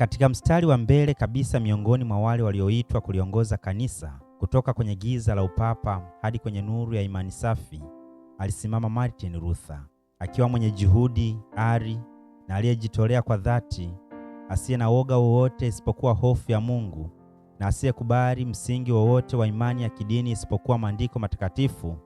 katika mstari wa mbele kabisa miongoni mwa wale walioitwa kuliongoza kanisa kutoka kwenye giza la upapa hadi kwenye nuru ya imani safi, alisimama Martin Luther, akiwa mwenye juhudi, ari na aliyejitolea kwa dhati, asiye na woga wowote isipokuwa hofu ya Mungu na asiyekubali msingi wowote wa imani ya kidini isipokuwa maandiko matakatifu.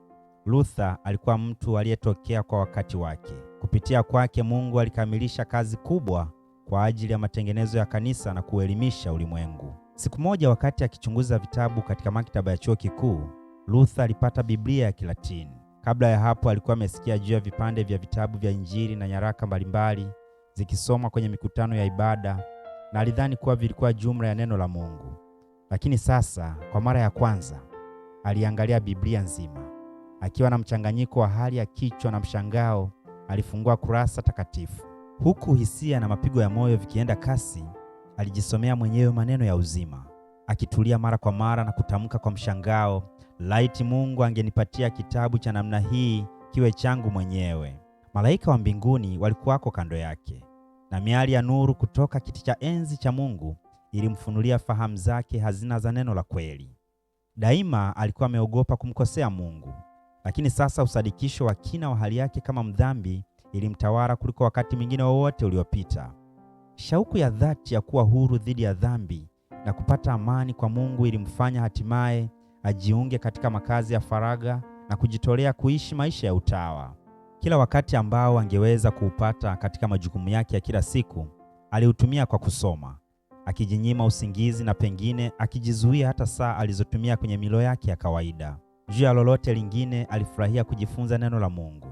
Luther alikuwa mtu aliyetokea kwa wakati wake. Kupitia kwake Mungu alikamilisha kazi kubwa kwa ajili ya matengenezo ya kanisa na kuelimisha ulimwengu. Siku moja, wakati akichunguza vitabu katika maktaba ya chuo kikuu, Luther alipata Biblia ya Kilatini. Kabla ya hapo, alikuwa amesikia juu ya vipande vya vitabu vya Injili na nyaraka mbalimbali zikisomwa kwenye mikutano ya ibada, na alidhani kuwa vilikuwa jumla ya neno la Mungu. Lakini sasa, kwa mara ya kwanza, aliangalia Biblia nzima. Akiwa na mchanganyiko wa hali ya kichwa na mshangao, alifungua kurasa takatifu. Huku hisia na mapigo ya moyo vikienda kasi, alijisomea mwenyewe maneno ya uzima, akitulia mara kwa mara na kutamka kwa mshangao, laiti Mungu angenipatia kitabu cha namna hii kiwe changu mwenyewe. Malaika wa mbinguni walikuwako kando yake, na miali ya nuru kutoka kiti cha enzi cha Mungu ilimfunulia fahamu zake hazina za neno la kweli. Daima alikuwa ameogopa kumkosea Mungu, lakini sasa usadikisho wa kina wa hali yake kama mdhambi ilimtawala kuliko wakati mwingine wowote uliopita. Shauku ya dhati ya kuwa huru dhidi ya dhambi na kupata amani kwa Mungu ilimfanya hatimaye ajiunge katika makazi ya faraga na kujitolea kuishi maisha ya utawa. Kila wakati ambao angeweza kuupata katika majukumu yake ya kila siku, aliutumia kwa kusoma, akijinyima usingizi na pengine akijizuia hata saa alizotumia kwenye milo yake ya kawaida. Juu ya lolote lingine, alifurahia kujifunza neno la Mungu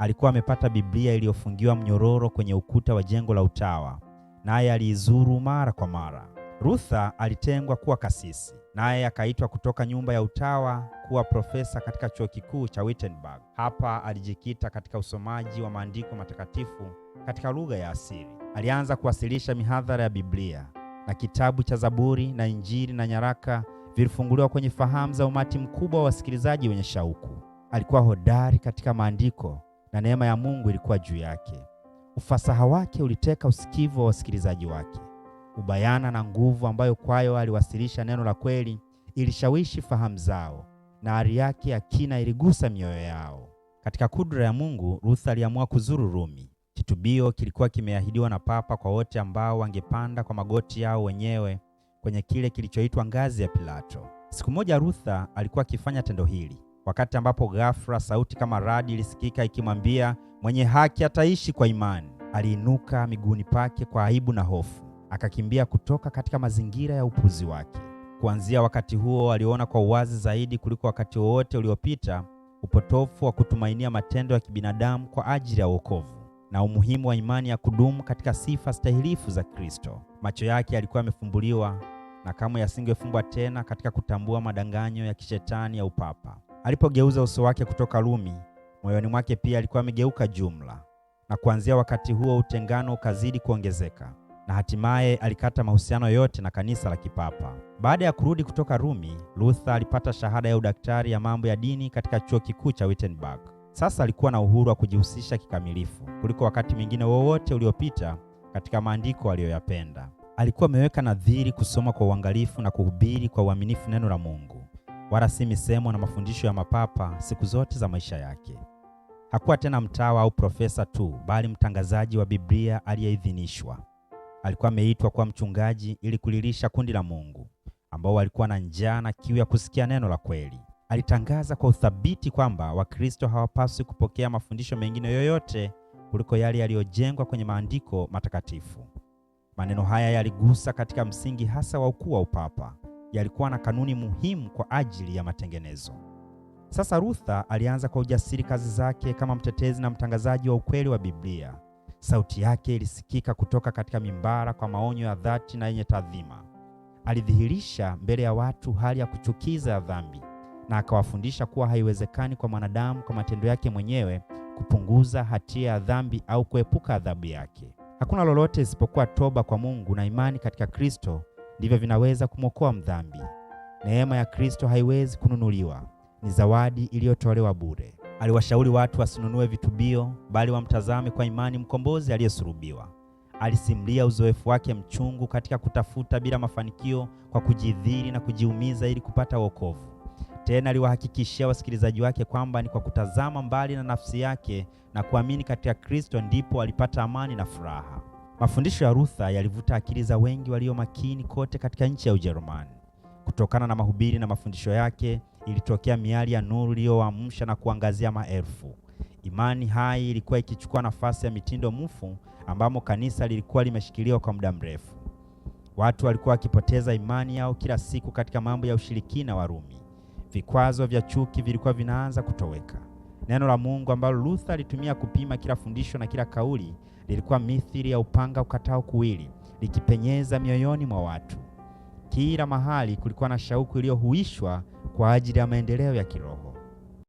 alikuwa amepata Biblia iliyofungiwa mnyororo kwenye ukuta wa jengo la utawa, naye aliizuru mara kwa mara. Rutha alitengwa kuwa kasisi, naye akaitwa kutoka nyumba ya utawa kuwa profesa katika chuo kikuu cha Wittenberg. Hapa alijikita katika usomaji wa maandiko matakatifu katika lugha ya asili. Alianza kuwasilisha mihadhara ya Biblia na kitabu cha Zaburi na Injili na nyaraka vilifunguliwa kwenye fahamu za umati mkubwa wa wasikilizaji wenye shauku. Alikuwa hodari katika maandiko na neema ya Mungu ilikuwa juu yake. Ufasaha wake uliteka usikivu wa wasikilizaji wake. Ubayana na nguvu ambayo kwayo aliwasilisha neno la kweli ilishawishi fahamu zao, na ari yake ya kina iligusa mioyo yao. Katika kudra ya Mungu, Ruth aliamua kuzuru Rumi. Kitubio kilikuwa kimeahidiwa na Papa kwa wote ambao wangepanda kwa magoti yao wenyewe kwenye kile kilichoitwa ngazi ya Pilato. Siku moja Rutha alikuwa akifanya tendo hili wakati ambapo ghafla sauti kama radi ilisikika ikimwambia, mwenye haki ataishi kwa imani. Aliinuka miguuni pake kwa aibu na hofu, akakimbia kutoka katika mazingira ya upuzi wake. Kuanzia wakati huo aliona kwa uwazi zaidi kuliko wakati wowote uliopita upotofu wa kutumainia matendo ya kibinadamu kwa ajili ya wokovu na umuhimu wa imani ya kudumu katika sifa stahilifu za Kristo. Macho yake yalikuwa yamefumbuliwa na kamwe yasingefumbwa tena katika kutambua madanganyo ya kishetani ya upapa. Alipogeuza uso wake kutoka Rumi, moyoni mwake pia alikuwa amegeuka jumla, na kuanzia wakati huo utengano ukazidi kuongezeka na hatimaye alikata mahusiano yote na kanisa la kipapa. Baada ya kurudi kutoka Rumi, Luther alipata shahada ya udaktari ya mambo ya dini katika chuo kikuu cha Wittenberg. Sasa alikuwa na uhuru wa kujihusisha kikamilifu kuliko wakati mwingine wowote uliopita katika maandiko aliyoyapenda. Alikuwa ameweka nadhiri kusoma kwa uangalifu na kuhubiri kwa uaminifu neno la Mungu wala si misemo na mafundisho ya mapapa siku zote za maisha yake. Hakuwa tena mtawa au profesa tu, bali mtangazaji wa Biblia aliyeidhinishwa. Alikuwa ameitwa kuwa mchungaji ili kulilisha kundi la Mungu ambao walikuwa na njaa na kiu ya kusikia neno la kweli. Alitangaza kwa uthabiti kwamba Wakristo hawapaswi kupokea mafundisho mengine yoyote kuliko yale yaliyojengwa kwenye maandiko matakatifu. Maneno haya yaligusa katika msingi hasa wa ukuu wa upapa yalikuwa na kanuni muhimu kwa ajili ya matengenezo. Sasa rutha alianza kwa ujasiri kazi zake kama mtetezi na mtangazaji wa ukweli wa Biblia. Sauti yake ilisikika kutoka katika mimbara kwa maonyo ya dhati na yenye taadhima. Alidhihirisha mbele ya watu hali ya kuchukiza ya dhambi na akawafundisha kuwa haiwezekani kwa mwanadamu kwa matendo yake mwenyewe kupunguza hatia ya dhambi au kuepuka adhabu yake. Hakuna lolote isipokuwa toba kwa Mungu na imani katika Kristo ndivyo vinaweza kumwokoa mdhambi. Neema ya Kristo haiwezi kununuliwa, ni zawadi iliyotolewa bure. Aliwashauri watu wasinunue vitubio, bali wamtazame kwa imani mkombozi aliyesulubiwa. Alisimulia uzoefu wake mchungu katika kutafuta bila mafanikio, kwa kujidhiri na kujiumiza ili kupata wokovu. Tena aliwahakikishia wasikilizaji wake kwamba ni kwa kutazama mbali na nafsi yake na kuamini katika Kristo ndipo alipata amani na furaha. Mafundisho ya Luther yalivuta akili za wengi walio makini kote katika nchi ya Ujerumani. Kutokana na mahubiri na mafundisho yake, ilitokea miali ya nuru iliyoamsha na kuangazia maelfu. Imani hai ilikuwa ikichukua nafasi ya mitindo mufu ambamo kanisa lilikuwa limeshikiliwa kwa muda mrefu. Watu walikuwa wakipoteza imani yao kila siku katika mambo ya ushirikina wa Rumi. Vikwazo vya chuki vilikuwa vinaanza kutoweka. Neno la Mungu ambalo Luther alitumia kupima kila fundisho na kila kauli lilikuwa mithili ya upanga ukatao kuwili, likipenyeza mioyoni mwa watu. Kila mahali kulikuwa na shauku iliyohuishwa kwa ajili ya maendeleo ya kiroho.